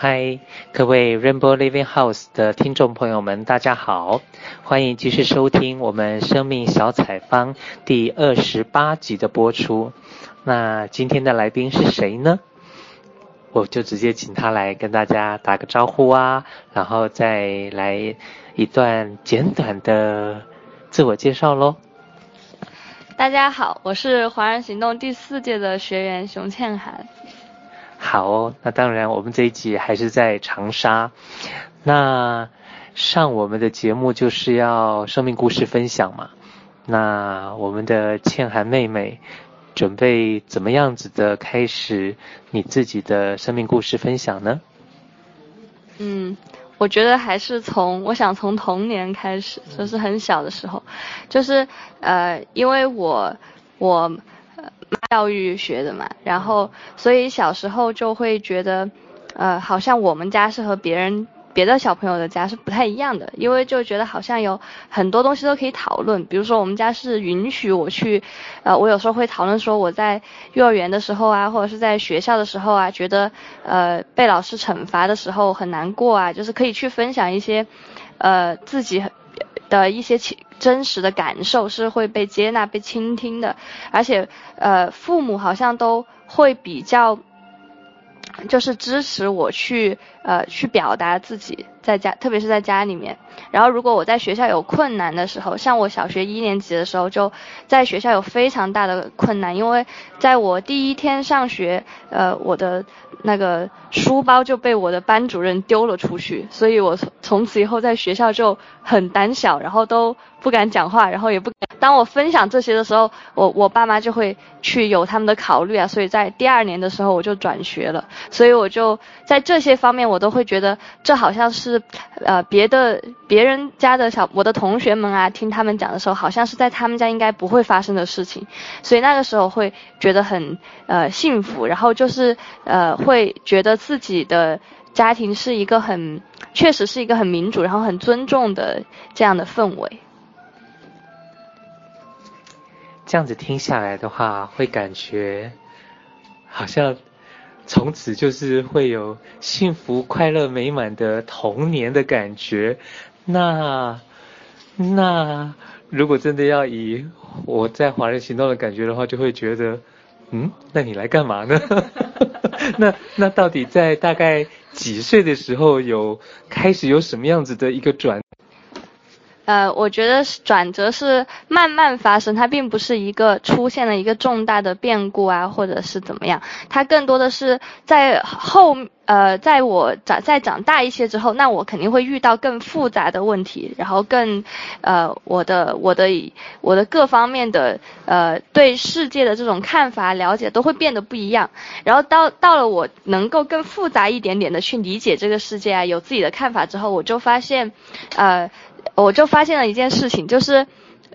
嗨，Hi, 各位 Rainbow Living House 的聽眾朋友們，大家好，歡迎繼續收聽我們生命小採訪第二十八集的播出。那今天的來賓是誰呢？我就直接請他來跟大家打個招呼啊，然後再來一段簡短的自我介紹嘍。大家好，我是華人行動第四屆的學員熊倩涵。好，那當然，我們這一集還是在長沙。那上我們的節目就是要生命故事分享嘛。那我們的倩涵妹妹準備怎麼樣子的開始你自己的生命故事分享呢？嗯，我覺得還是從我想從童年開始，就是很小的時候，就是呃，因為我我。教育學的嘛，然後所以小時候就會覺得，呃，好像我們家是和別人別的小朋友的家是不太一樣的，因為就覺得好像有很多東西都可以討論，比如說我們家是允許我去，呃，我有時候會討論說我在幼兒園的時候啊，或者是在學校的時候啊，覺得呃被老師懲罰的時候很難過啊，就是可以去分享一些，呃，自己很。的一些真實的感受是會被接納、被傾聽的，而且，呃，父母好像都會比較，就是支持我去，呃，去表達自己在家，特別是在家裡面。然後，如果我在學校有困難的時候，像我小學一年級的時候就在學校有非常大的困難，因為在我第一天上學，呃，我的那個書包就被我的班主任丟了出去，所以我從。從此以後在學校就很膽小，然後都不敢講話，然後也不敢，當我分享這些的時候，我我爸媽就會去有他們的考慮啊，所以在第二年的時候我就轉學了，所以我就在這些方面我都會覺得這好像是呃別的別人家的小我的同學們啊，聽他們講的時候好像是在他們家應該不會發生的事情，所以那個時候會覺得很呃幸福，然後就是呃會覺得自己的家庭是一個很。確實是一個很民主，然後很尊重的這樣的氛圍。這樣子聽下來的話，會感覺好像從此就是會有幸福、快樂、美滿的童年的感覺。那那如果真的要以我在華人行動的感覺的話，就會覺得，嗯，那你來幹嘛呢？ 那那到底在大概？幾歲的時候有開始有什麼樣子的一個轉？呃，我覺得轉折是慢慢發生，它並不是一個出現了一個重大的變故啊，或者是怎麼樣，它更多的是在後呃，在我長再長大一些之後，那我肯定會遇到更複雜的問題，然後更呃，我的我的我的各方面的呃對世界的這種看法了解都會變得不一樣，然後到到了我能夠更複雜一點點的去理解這個世界啊，有自己的看法之後，我就發現，呃。我就發現了一件事情，就是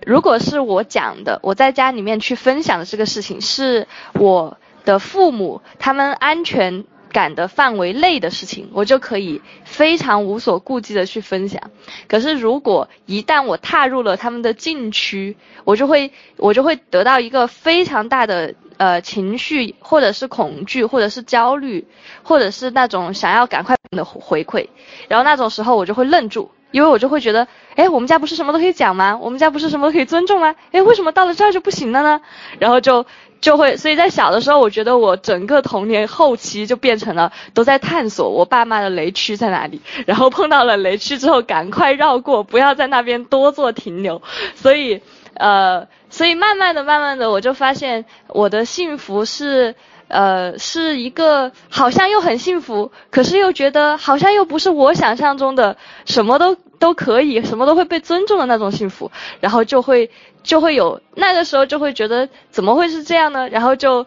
如果是我講的，我在家裡面去分享的這個事情，是我的父母他們安全感的範圍內的事情，我就可以非常無所顧忌的去分享。可是如果一旦我踏入了他們的禁區，我就會我就會得到一個非常大的呃情緒，或者是恐懼，或者是焦慮，或者是那種想要趕快的回饋，然後那種時候我就會愣住。因為我就會覺得，哎，我們家不是什麼都可以講嗎？我們家不是什麼都可以尊重嗎？哎，為什麼到了這兒就不行了呢？然後就就會，所以在小的時候，我覺得我整個童年後期就變成了都在探索我爸媽的雷區在哪裡，然後碰到了雷區之後，趕快繞過，不要在那邊多做停留。所以，呃，所以慢慢的、慢慢的，我就發現我的幸福是。呃，是一個好像又很幸福，可是又覺得好像又不是我想象中的，什麼都都可以，什麼都會被尊重的那種幸福，然後就會就會有那個時候就會覺得怎麼會是這樣呢？然後就。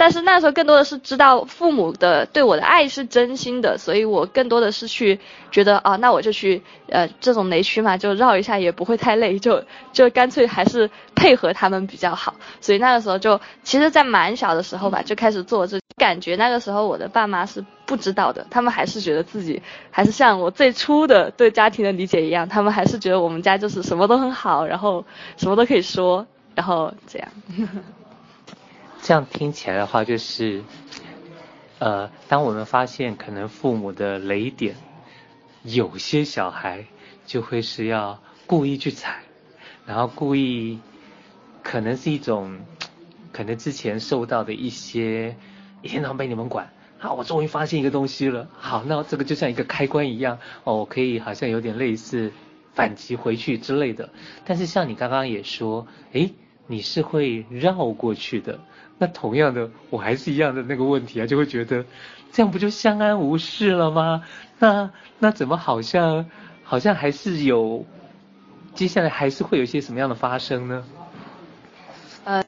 但是那時候更多的是知道父母的對我的愛是真心的，所以我更多的是去覺得啊，哦，那我就去呃這種雷區嘛，就繞一下也不會太累，就就乾脆還是配合他們比較好。所以那個時候就其實，在蠻小的時候吧，就開始做這，感覺那個時候我的爸媽是不知道的，他們還是覺得自己還是像我最初的對家庭的理解一樣，他們還是覺得我們家就是什麼都很好，然後什麼都可以說，然後這樣。 這樣聽起來的話，就是，呃，當我們發現可能父母的雷點，有些小孩就會是要故意去踩，然後故意，可能是一種，可能之前受到的一些，一天到晚被你們管，好、啊，我終於發現一個東西了，好，那這個就像一個開關一樣，哦，我可以好像有點類似反擊回去之類的。但是像你剛剛也說，哎。你是會繞過去的，那同樣的，我還是一樣的那個問題啊，就會覺得，這樣不就相安無事了嗎？那那怎麼好像好像還是有，接下來還是會有一些什麼樣的發生呢？呃，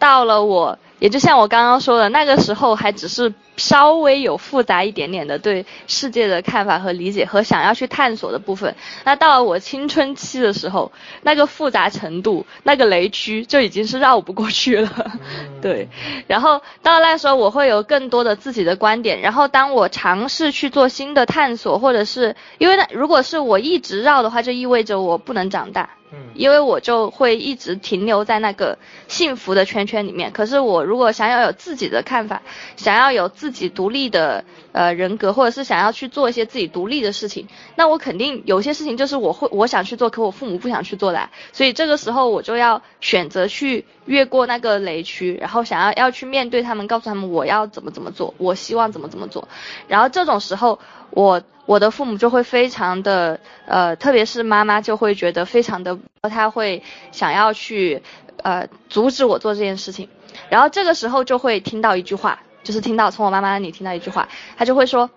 到了我也就像我剛剛說的，那個時候還只是。稍微有複雜一點點的對世界的看法和理解，和想要去探索的部分。那到了我青春期的時候，那個複雜程度，那個雷區就已經是繞不過去了。 對，然後到那時候我會有更多的自己的觀點。然後當我嘗試去做新的探索，或者是因為那如果是我一直繞的話，就意味着我不能長大。因為我就會一直停留在那個幸福的圈圈裡面。可是我如果想要有自己的看法，想要有自己獨立的呃人格，或者是想要去做一些自己獨立的事情，那我肯定有些事情就是我會我想去做，可我父母不想去做的啊。所以這個時候我就要選擇去越過那個雷區，然後想要要去面對他們，告訴他們我要怎麼怎麼做，我希望怎麼怎麼做。然後這種時候。我我的父母就會非常的，呃，特別是媽媽就會覺得非常的，他會想要去，呃，阻止我做這件事情，然後這個時候就會聽到一句話，就是聽到從我媽媽那裡聽到一句話，他就會說，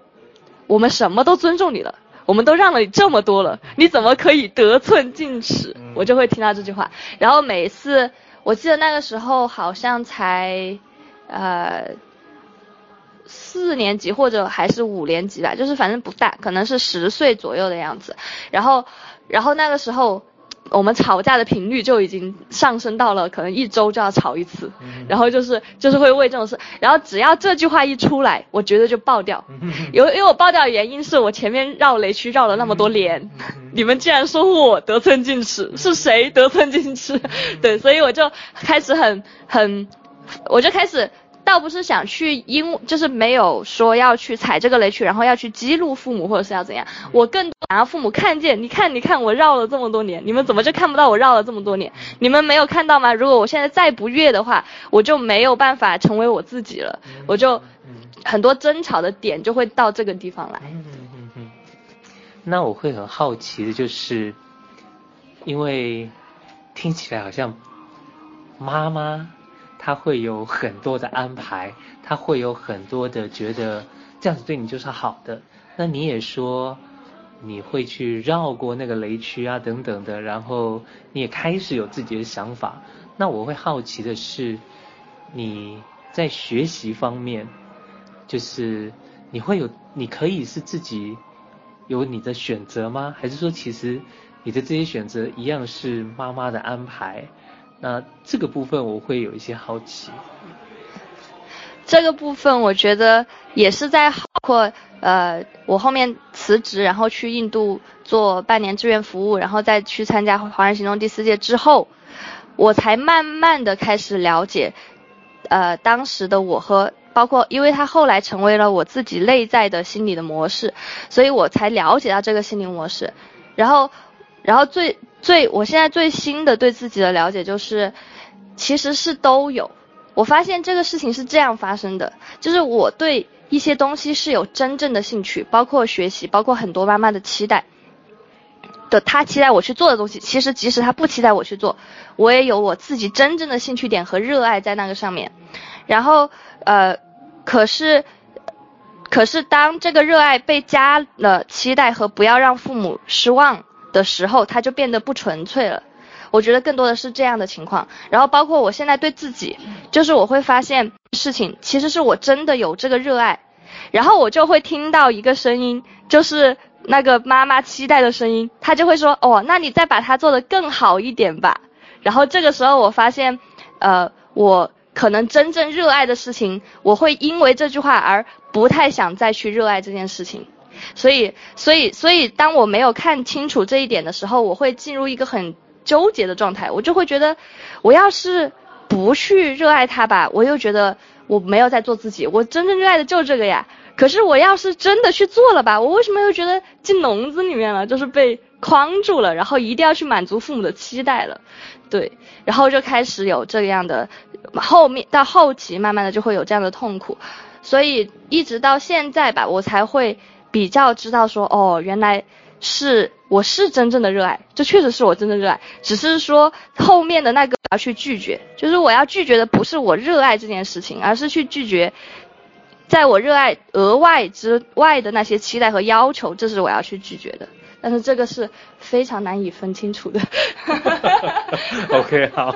我們什麼都尊重你了，我們都讓了你這麼多了，你怎麼可以得寸進尺？我就會聽到這句話，然後每次我記得那個時候好像才，呃。四年級或者還是五年級吧，就是反正不大，可能是十歲左右的樣子。然後，然後那個時候，我們吵架的頻率就已經上升到了可能一周就要吵一次。然後就是就是會為這種事，然後只要這句話一出來，我覺得就爆掉。嗯。因因為我爆掉的原因是我前面繞雷區繞了那麼多年， 你們竟然說我得寸進尺，是誰得寸進尺？ 對，所以我就開始很很，我就開始。要不是想去因，就是沒有說要去踩這個雷區，然後要去激怒父母，或者是要怎樣。嗯、我更多想要父母看見，你看，你看，我繞了這麼多年，你們怎麼就看不到我繞了這麼多年？嗯、你們沒有看到嗎？如果我現在再不悅的話，我就沒有辦法成為我自己了，嗯嗯、我就很多爭吵的點就會到這個地方來。嗯嗯嗯,嗯。那我會很好奇的就是，因為聽起來好像媽媽。他會有很多的安排，他會有很多的覺得這樣子對你就是好的。那你也說你會去繞過那個雷區啊，等等的。然後你也開始有自己的想法。那我會好奇的是，你在學習方面，就是你會有，你可以是自己有你的選擇嗎？還是說其實你的這些選擇一樣是媽媽的安排？那這個部分我會有一些好奇。這個部分我覺得也是在包括呃我後面辭職，然後去印度做半年志願服務，然後再去參加華人行動第四屆之後，我才慢慢地開始了解，呃當時的我和包括因為他後來成為了我自己內在的心理的模式，所以我才了解到這個心理模式，然後然後最。最，我現在最新的對自己的了解就是，其實是都有。我發現這個事情是這樣發生的，就是我對一些東西是有真正的興趣，包括學習，包括很多媽媽的期待的，她期待我去做的東西。其實即使她不期待我去做，我也有我自己真正的興趣點和熱愛在那個上面。然後呃，可是可是當這個熱愛被加了期待和不要讓父母失望。的時候，它就變得不純粹了。我覺得更多的是這樣的情況。然後包括我現在對自己，就是我會發現事情其實是我真的有這個熱愛，然後我就會聽到一個聲音，就是那個媽媽期待的聲音，她就會說，哦，那你再把它做得更好一點吧。然後這個時候我發現，呃，我可能真正熱愛的事情，我會因為這句話而不太想再去熱愛這件事情。所以，所以，所以，當我沒有看清楚這一點的時候，我會進入一個很糾結的狀態。我就會覺得，我要是不去熱愛它吧，我又覺得我沒有在做自己。我真正熱愛的就是這個呀。可是我要是真的去做了吧，我為什麼又覺得進籠子裡面了，就是被框住了，然後一定要去滿足父母的期待了。對，然後就開始有這樣的後面到後期，慢慢的就會有這樣的痛苦。所以一直到現在吧，我才會。比較知道說哦，原來是我是真正的熱愛，這確實是我真正的熱愛。只是說後面的那個我要去拒絕，就是我要拒絕的不是我熱愛這件事情，而是去拒絕，在我熱愛額外之外的那些期待和要求，這是我要去拒絕的。但是這個是非常難以分清楚的。 OK，好，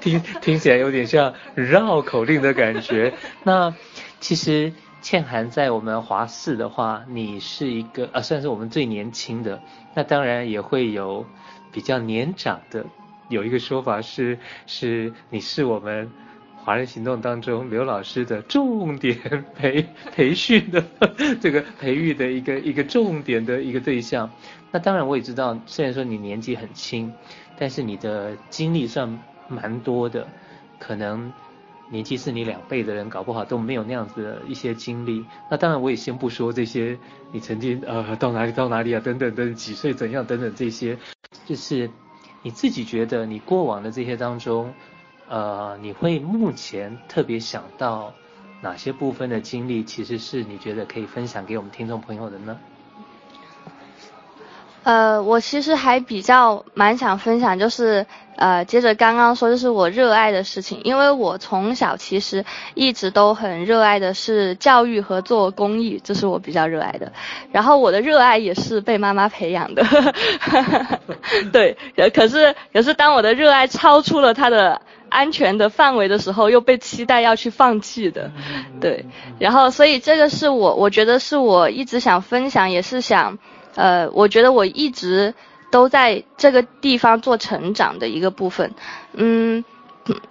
聽聽起來有點像繞口令的感覺。那其實。倩涵，在我們華視的話，你是一個啊，算是我們最年輕的。那當然也會有比較年長的，有一個說法是，是你是我們華人行動當中劉老師的重點培培訓的這個培育的一個一個重點的一個對象。那當然我也知道，雖然說你年紀很輕，但是你的經歷算蠻多的，可能。年紀是你兩倍的人，搞不好都沒有那樣子的一些經歷。那當然，我也先不說這些。你曾經呃，到哪裡到哪裡啊，等等等，等，幾歲怎樣等等這些，就是你自己覺得你過往的這些當中，呃，你會目前特別想到哪些部分的經歷，其實是你覺得可以分享給我們聽眾朋友的呢？呃，我其實還比較蠻想分享，就是呃，接着剛剛說，就是我熱愛的事情，因為我從小其實一直都很熱愛的是教育和做公益，這是我比較熱愛的。然後我的熱愛也是被媽媽培養的， 對，可是可是當我的熱愛超出了她的安全的範圍的時候，又被期待要去放棄的，對，然後所以這個是我我覺得是我一直想分享，也是想。呃，我覺得我一直都在這個地方做成長的一個部分，嗯，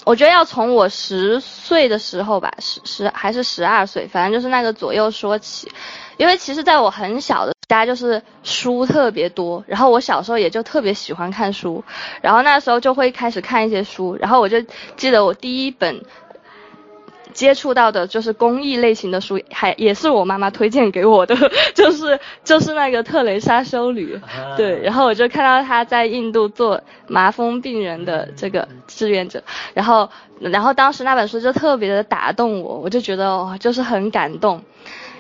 我覺得要從我十歲的時候吧，十、十還是十二歲，反正就是那個左右說起，因為其實在我很小的家就是書特別多，然後我小時候也就特別喜歡看書，然後那時候就會開始看一些書，然後我就記得我第一本。接觸到的就是公益類型的書，還也是我媽媽推薦給我的， 就是就是那個特蕾莎修女，對，然後我就看到她在印度做麻風病人的這個志願者，然後然後當時那本書就特別的打動我，我就覺得哦，就是很感動，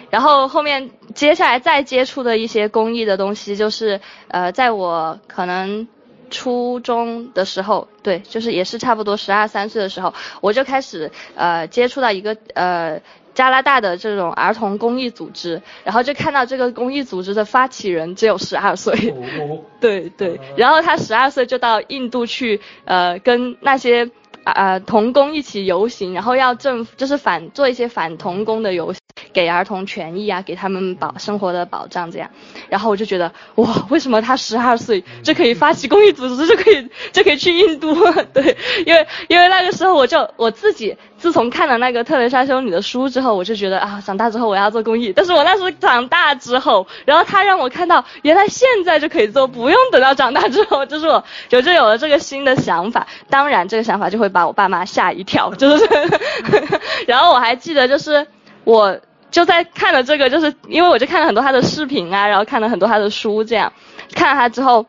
然後後面接下來再接觸的一些公益的東西，就是呃，在我可能。初中的時候，對，就是也是差不多十二三歲的時候，我就開始呃接觸到一個呃加拿大的這種兒童公益組織，然後就看到這個公益組織的發起人只有十二歲，哦、 對對，然後他十二歲就到印度去呃跟那些。啊，童、呃、工一起遊行，然後要政府，就是反做一些反童工的遊行，給兒童權益啊，給他們保生活的保障這樣。然後我就覺得哇，為什麼他十二歲就可以發起公益組織，就可以就可以去印度？對，因為因為那個時候我就我自己自從看了那個特蕾莎修女的書之後，我就覺得啊，長大之後我要做公益。但是我那時候長大之後，然後他讓我看到原來現在就可以做，不用等到長大之後，就是我就就有了這個新的想法。當然這個想法就會。把我爸媽嚇一跳，就是，呵呵，然後我還記得，就是我就在看了這個，就是因為我就看了很多他的視頻啊，然後看了很多他的書，這樣看了他之後，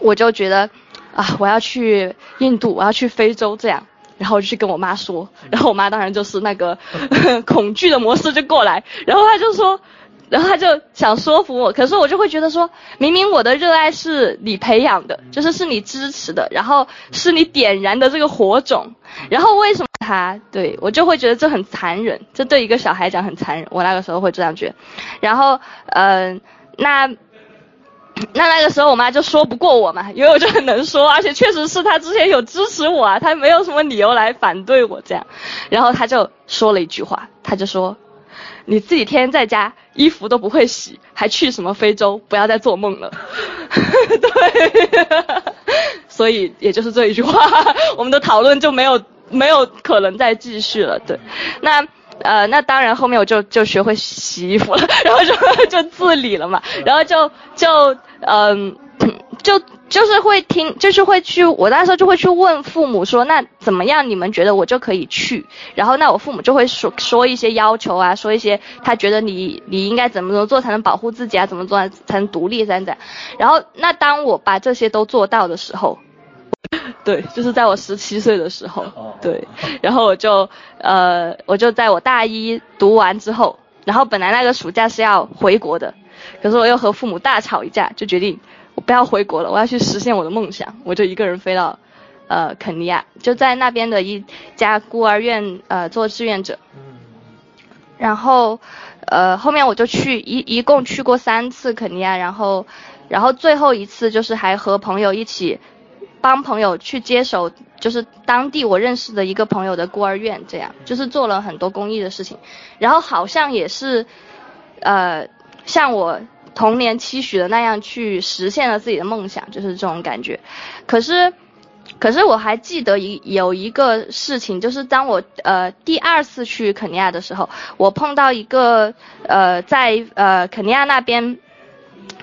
我就覺得啊，我要去印度，我要去非洲這樣，然後我就去跟我媽說，然後我媽當然就是那個呵呵恐懼的模式就過來，然後她就說。然後他就想說服我，可是我就會覺得說，明明我的熱愛是你培養的，就是是你支持的，然後是你點燃的這個火種，然後為什麼他對我就會覺得這很殘忍，這對一個小孩講很殘忍。我那個時候會這樣覺得，然後嗯，呃，那，那那個時候我媽就說不過我嘛，因為我就很能說，而且確實是她之前有支持我啊，她沒有什麼理由來反對我這樣，然後她就說了一句話，她就說。你自己天天在家，衣服都不會洗，還去什麼非洲？不要再做夢了。 對，所以也就是這一句話，我們的討論就沒有沒有可能再繼續了。對，那呃，那當然後面我就就學會洗衣服了，然後就就自理了嘛，然後就就嗯就。呃就就是會聽，就是會去，我那時候就會去問父母說，那怎麼樣？你們覺得我就可以去？然後那我父母就會說說一些要求啊，說一些他覺得你你應該怎麼怎麼做才能保護自己啊，怎麼做才能獨立啊，這樣。然後那當我把這些都做到的時候，對，就是在我十七歲的時候，對，然後我就呃，我就在我大一讀完之後，然後本來那個暑假是要回國的，可是我又和父母大吵一架，就決定。不要回國了，我要去實現我的夢想。我就一個人飛到，呃，肯尼亞，就在那邊的一家孤兒院，呃，做志願者。然後，呃，後面我就去一一共去過三次肯尼亞，然後，然後最後一次就是還和朋友一起，幫朋友去接手，就是當地我認識的一個朋友的孤兒院，這樣就是做了很多公益的事情。然後好像也是，呃，像我。童年期許的那樣去實現了自己的夢想，就是這種感覺。可是，可是我還記得一有一個事情，就是當我呃第二次去肯尼亞的時候，我碰到一個呃在呃肯尼亞那邊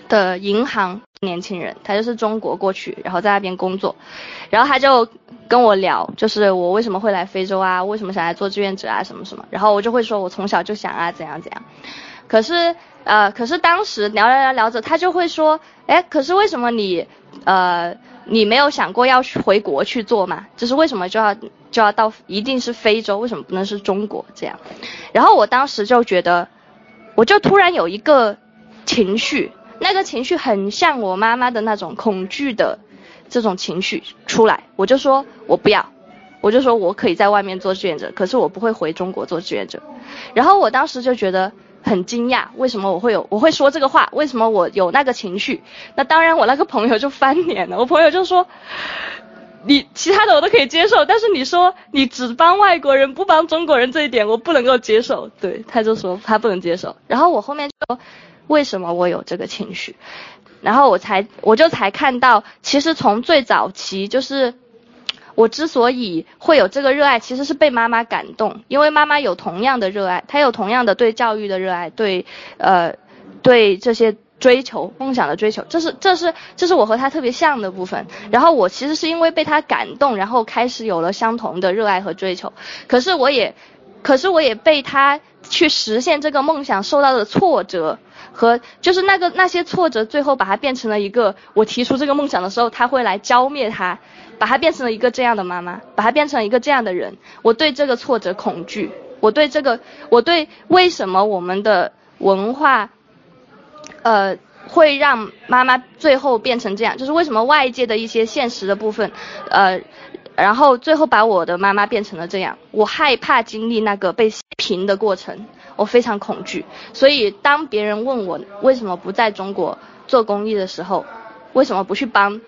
的銀行年輕人，他就是中國過去，然後在那邊工作，然後他就跟我聊，就是我為什麼會來非洲啊，為什麼想來做志願者啊，什麼什麼。然後我就會說我從小就想啊，怎樣怎樣。可是，呃，可是當時聊聊聊聊着，他就會說，哎，可是為什麼你，呃，你沒有想過要回國去做嘛？就是為什麼就要就要到一定是非洲？為什麼不能是中國，這樣。然後我當時就覺得，我就突然有一個情緒，那個情緒很像我媽媽的那種恐懼的這種情緒出來，我就說我不要，我就說我可以在外面做志願者，可是我不會回中國做志願者。然後我當時就覺得。很驚訝，為什麼我會有我會說這個話？為什麼我有那個情緒？那當然，我那個朋友就翻臉了。我朋友就說，你其他的我都可以接受，但是你說你只幫外國人不幫中國人這一點，我不能夠接受。對，他就說他不能接受。然後我後面就說，為什麼我有這個情緒？然後我才我就才看到，其實從最早期就是。我之所以會有這個熱愛，其實是被媽媽感動，因為媽媽有同樣的熱愛，她有同樣的對教育的熱愛，對呃對這些追求夢想的追求，這是這是這是我和她特別像的部分。然後我其實是因為被她感動，然後開始有了相同的熱愛和追求。可是我也，可是我也被她去實現這個夢想受到的挫折和就是那個那些挫折，最後把它變成了一個我提出這個夢想的時候，她會來澆滅它。把她變成了一個這樣的媽媽，把她變成了一個這樣的人。我對這個挫折恐懼，我對這個，我對為什麼我們的文化，呃，會讓媽媽最後變成這樣，就是為什麼外界的一些現實的部分，呃，然後最後把我的媽媽變成了這樣。我害怕經歷那個被批評的過程，我非常恐懼。所以當別人問我為什麼不在中國做公益的時候，為什麼不去幫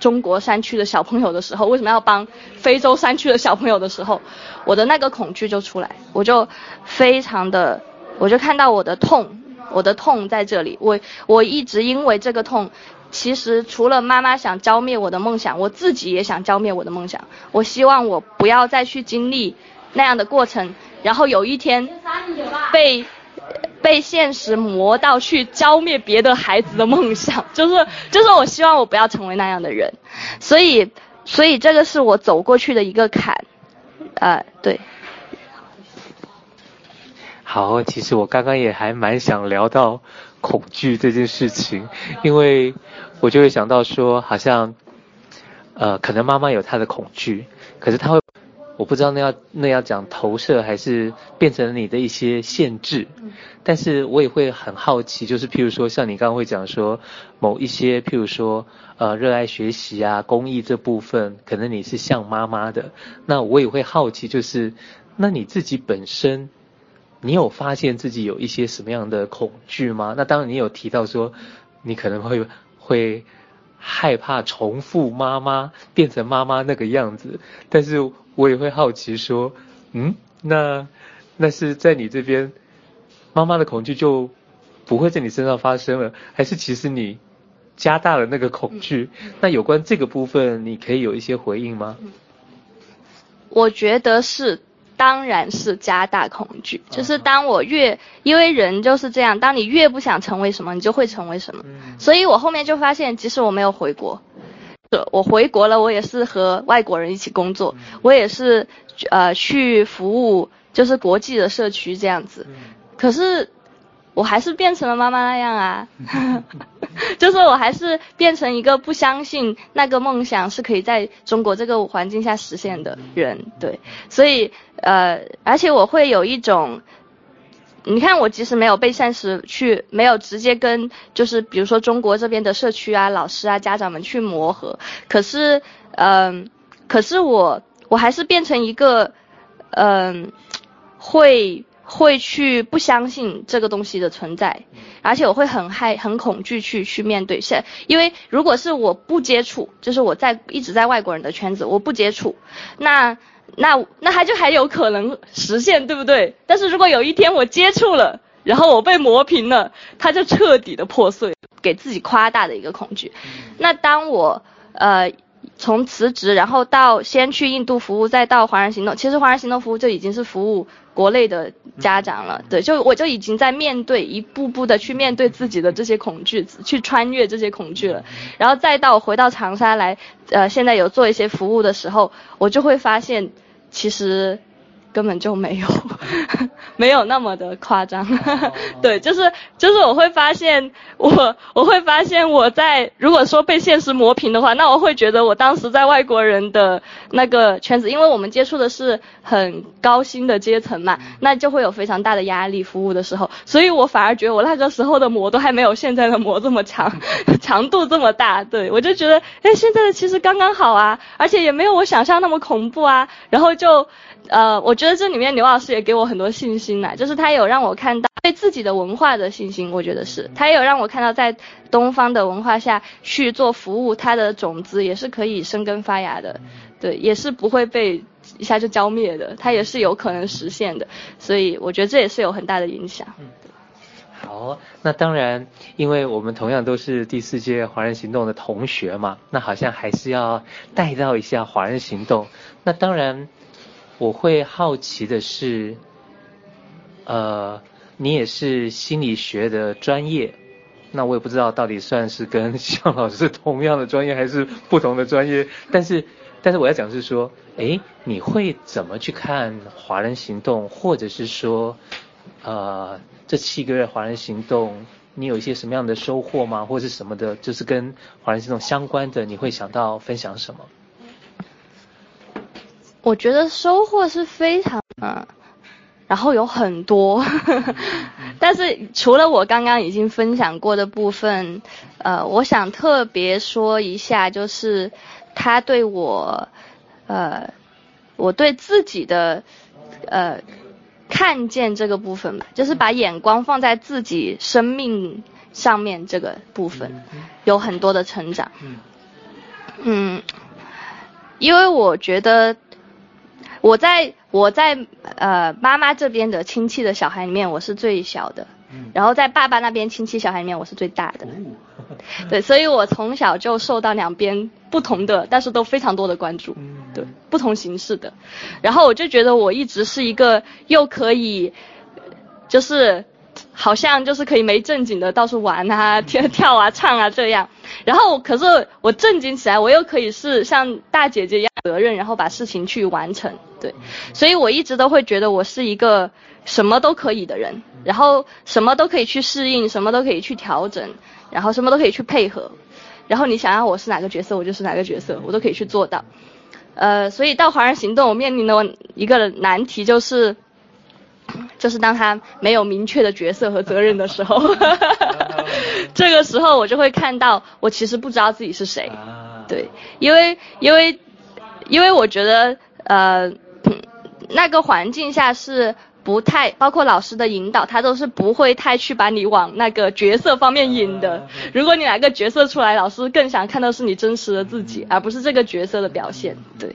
中國山區的小朋友的時候，為什麼要幫非洲山區的小朋友的時候，我的那個恐懼就出來，我就非常的，我就看到我的痛，我的痛在這裡，我我一直因為這個痛，其實除了媽媽想澆滅我的夢想，我自己也想澆滅我的夢想，我希望我不要再去經歷那樣的過程，然後有一天被。被現實磨到去澆滅別的孩子的夢想，就是就是，我希望我不要成為那樣的人，所以所以這個是我走過去的一個坎，呃，對。好，其實我剛剛也還蠻想聊到恐懼這件事情，因為我就會想到說，好像，呃，可能媽媽有她的恐懼，可是她會。我不知道那要那要講投射還是變成了你的一些限制，但是我也會很好奇，就是譬如說像你剛剛會講說某一些，譬如說呃熱愛學習啊、公益這部分，可能你是像媽媽的，那我也會好奇就是那你自己本身，你有發現自己有一些什麼樣的恐懼嗎？那當然你有提到說你可能會會。害怕重複媽媽變成媽媽那個樣子，但是我也會好奇說，嗯，那，那是在你這邊，媽媽的恐懼就不會在你身上發生了，還是其實你加大了那個恐懼？那有關這個部分，你可以有一些回應嗎？我覺得是。當然是加大恐懼，就是當我越，因為人就是這樣，當你越不想成為什麼，你就會成為什麼。所以我後面就發現，即使我沒有回國，我回國了，我也是和外國人一起工作，我也是，呃，去服務就是國際的社區這樣子。可是。我還是變成了媽媽那樣啊， 就是我還是變成一個不相信那個夢想是可以在中國這個環境下實現的人，對，所以呃，而且我會有一種，你看我即使沒有被暫時去，沒有直接跟就是比如說中國這邊的社區啊、老師啊、家長們去磨合，可是嗯、呃，可是我我還是變成一個嗯、呃、會。會去不相信這個東西的存在，而且我會很害很恐懼去去面對。現因為如果是我不接觸，就是我在一直在外國人的圈子，我不接觸，那那那他就還有可能實現，對不對？但是如果有一天我接觸了，然後我被磨平了，他就徹底的破碎，給自己誇大的一個恐懼。那當我呃從辭職，然後到先去印度服務，再到華人行動，其實華人行動服務就已經是服務。國內的家長了，對，就我就已經在面對一步步的去面對自己的這些恐懼，去穿越這些恐懼了，然後再到回到長沙來，呃，現在有做一些服務的時候，我就會發現，其實。根本就沒有，沒有那麼的誇張，對，就是就是我會發現我我會發現我在，如果說被現實磨平的話，那我會覺得我當時在外國人的那個圈子，因為我們接觸的是很高薪的階層嘛，那就會有非常大的壓力服務的時候，所以我反而覺得我那個時候的磨都還沒有現在的磨這麼強，強度這麼大，對，我就覺得哎，現在的其實剛剛好啊，而且也沒有我想象那麼恐怖啊，然後就。呃，我覺得這裡面劉老師也給我很多信心呢，就是他有讓我看到對自己的文化的信心，我覺得是他也有讓我看到在東方的文化下去做服務，它的種子也是可以生根發芽的，對，也是不會被一下就澆滅的，它也是有可能實現的，所以我覺得這也是有很大的影響。嗯，好，那當然，因為我們同樣都是第四屆華人行動的同學嘛，那好像還是要帶到一下華人行動，那當然。我會好奇的是，呃，你也是心理學的專業，那我也不知道到底算是跟向老師同樣的專業還是不同的專業。但是，但是我要講是說，哎，你會怎麼去看華人行動，或者是說，呃，這七個月華人行動，你有一些什麼樣的收穫嗎？或者是什麼的，就是跟華人行動相關的，你會想到分享什麼？我覺得收穫是非常嗯、啊，然後有很多呵呵，但是除了我剛剛已經分享過的部分，呃，我想特別說一下，就是他對我，呃，我對自己的，呃，看見這個部分吧，就是把眼光放在自己生命上面這個部分，有很多的成長。嗯，因為我覺得。我在我在呃媽媽這邊的親戚的小孩裡面我是最小的，然後在爸爸那邊親戚小孩裡面我是最大的，對，所以我從小就受到兩邊不同的，但是都非常多的關注，對，不同形式的，然後我就覺得我一直是一個又可以，就是，好像就是可以沒正經的到處玩啊跳跳啊唱啊這樣，然後可是我正經起來我又可以是像大姐姐一樣。責任，然後把事情去完成，對，所以我一直都會覺得我是一個什麼都可以的人，然後什麼都可以去適應，什麼都可以去調整，然後什麼都可以去配合，然後你想要我是哪個角色，我就是哪個角色，我都可以去做到。呃，所以到《華人行動》，我面臨的一個難題就是，就是當他沒有明確的角色和責任的時候， 這個時候我就會看到，我其實不知道自己是誰，對，因為因為。因為我覺得，呃，那個環境下是不太，包括老師的引導，他都是不會太去把你往那個角色方面引的。如果你來個角色出來，老師更想看到是你真實的自己，而不是這個角色的表現。對，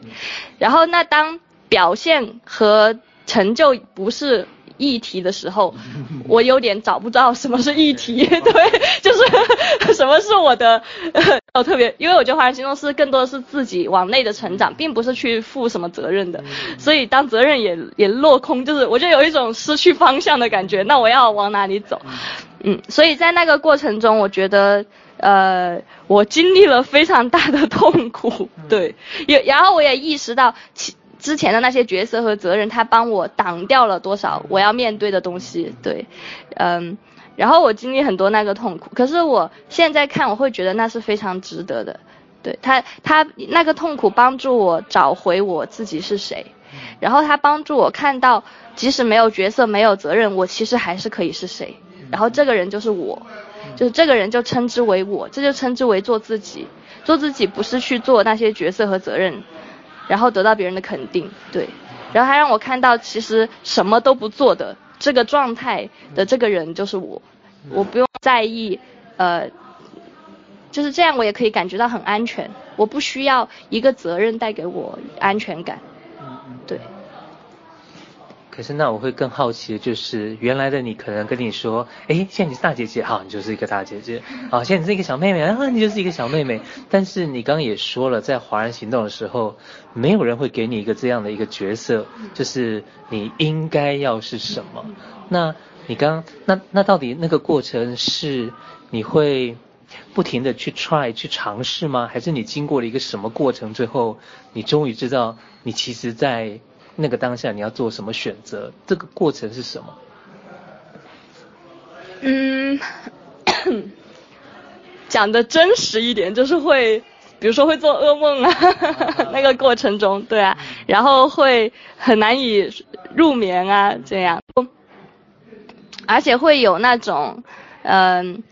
然後那當表現和成就不是。議題的時候，我有點找不到什麼是議題，對，就是什麼是我的哦，特別，因為我覺得《華人行動》是更多的是自己往內的成長，並不是去負什麼責任的，所以當責任也也落空，就是我就有一種失去方向的感覺，那我要往哪裡走？嗯，所以在那個過程中，我覺得呃，我經歷了非常大的痛苦，對，也然後我也意識到其，之前的那些角色和責任，他幫我擋掉了多少我要面對的東西？對，嗯，然後我經歷很多那個痛苦，可是我現在看，我會覺得那是非常值得的。對。他，他那個痛苦幫助我找回我自己是誰，然後他幫助我看到，即使沒有角色、沒有責任，我其實還是可以是誰。然後這個人就是我，就是這個人就稱之為我，這就稱之為做自己。做自己不是去做那些角色和責任。然後得到別人的肯定，對。然後還讓我看到，其實什麼都不做的這個狀態的這個人就是我，我不用在意，呃，就是這樣，我也可以感覺到很安全，我不需要一個責任帶給我安全感，嗯嗯對。可是那我會更好奇的就是原來的你可能跟你說，哎，現在你是大姐姐，好，啊，你就是一個大姐姐，啊，現在你是一個小妹妹，啊，你就是一個小妹妹。但是你剛剛也說了，在華人行動的時候，沒有人會給你一個這樣的一個角色，就是你應該要是什麼？那你剛剛，那那到底那個過程是你會不停的去 try 去嘗試嗎？還是你經過了一個什麼過程，最後你終於知道你其實，在那個當下你要做什麼選擇？這個過程是什麼？嗯，講得真實一點，就是會，比如說會做噩夢啊，啊 那個過程中，對啊，嗯、然後會很難以入眠啊，這樣，而且會有那種，嗯，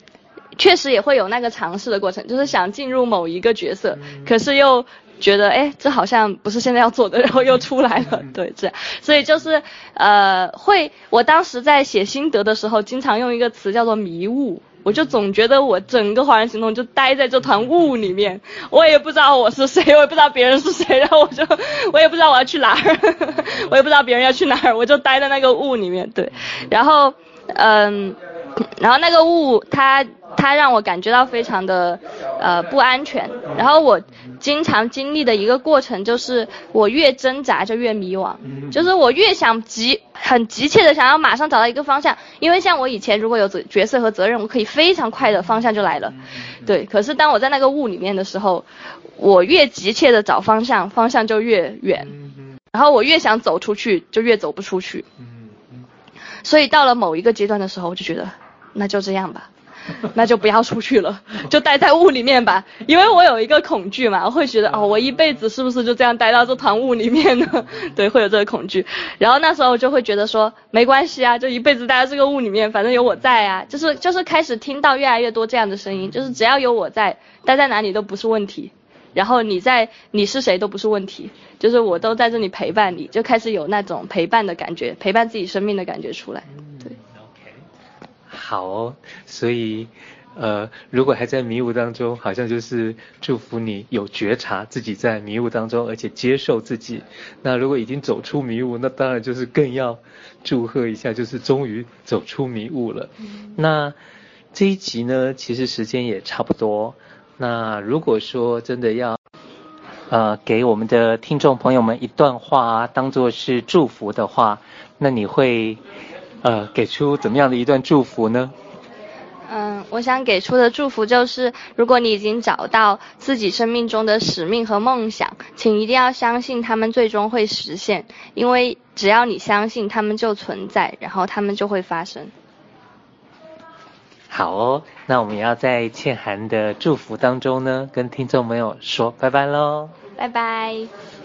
確實也會有那個嘗試的過程，就是想進入某一個角色，嗯、可是又。覺得哎，這好像不是現在要做的，然後又出來了。對，這樣。所以就是呃，會我當時在寫心得的時候，經常用一個詞叫做迷霧。我就總覺得我整個華人行動就待在這團霧裡面，我也不知道我是誰，我也不知道別人是誰，然後我就我也不知道我要去哪兒， 我也不知道別人要去哪兒，我就待在那個霧裡面。對，然後嗯。呃然後那個霧它，它它讓我感覺到非常的呃不安全。然後我經常經歷的一個過程就是，我越掙扎就越迷惘，就是我越想急很急切的想要馬上找到一個方向，因為像我以前如果有責角色和責任，我可以非常快的方向就來了。對，可是當我在那個霧裡面的時候，我越急切的找方向，方向就越遠。然後我越想走出去，就越走不出去。所以到了某一個階段的時候，我就覺得。那就這樣吧，那就不要出去了，就待在霧裡面吧。因為我有一個恐懼嘛，我會覺得哦，我一輩子是不是就這樣待到這團霧裡面呢？對，會有這個恐懼。然後那時候我就會覺得說，沒關係啊，就一輩子待在這個霧裡面，反正有我在啊。就是就是開始聽到越來越多這樣的聲音，就是只要有我在，待在哪裡都不是問題。然後你在你是誰都不是問題，就是我都在這裡陪伴你，就開始有那種陪伴的感覺，陪伴自己生命的感覺出來，對。好哦，所以，呃，如果還在迷霧當中，好像就是祝福你有覺察自己在迷霧當中，而且接受自己。那如果已經走出迷霧，那當然就是更要祝賀一下，就是終於走出迷霧了。嗯。那這一集呢，其實時間也差不多。那如果說真的要，呃，給我們的聽眾朋友們一段話啊，當作是祝福的話，那你會？呃，給出怎麼樣的一段祝福呢？嗯，我想給出的祝福就是，如果你已經找到自己生命中的使命和夢想，請一定要相信他們最終會實現，因為只要你相信，他們就存在，然後他們就會發生。好哦，那我們要在倩涵的祝福當中呢，跟聽眾朋友說拜拜嘍，拜拜。Bye bye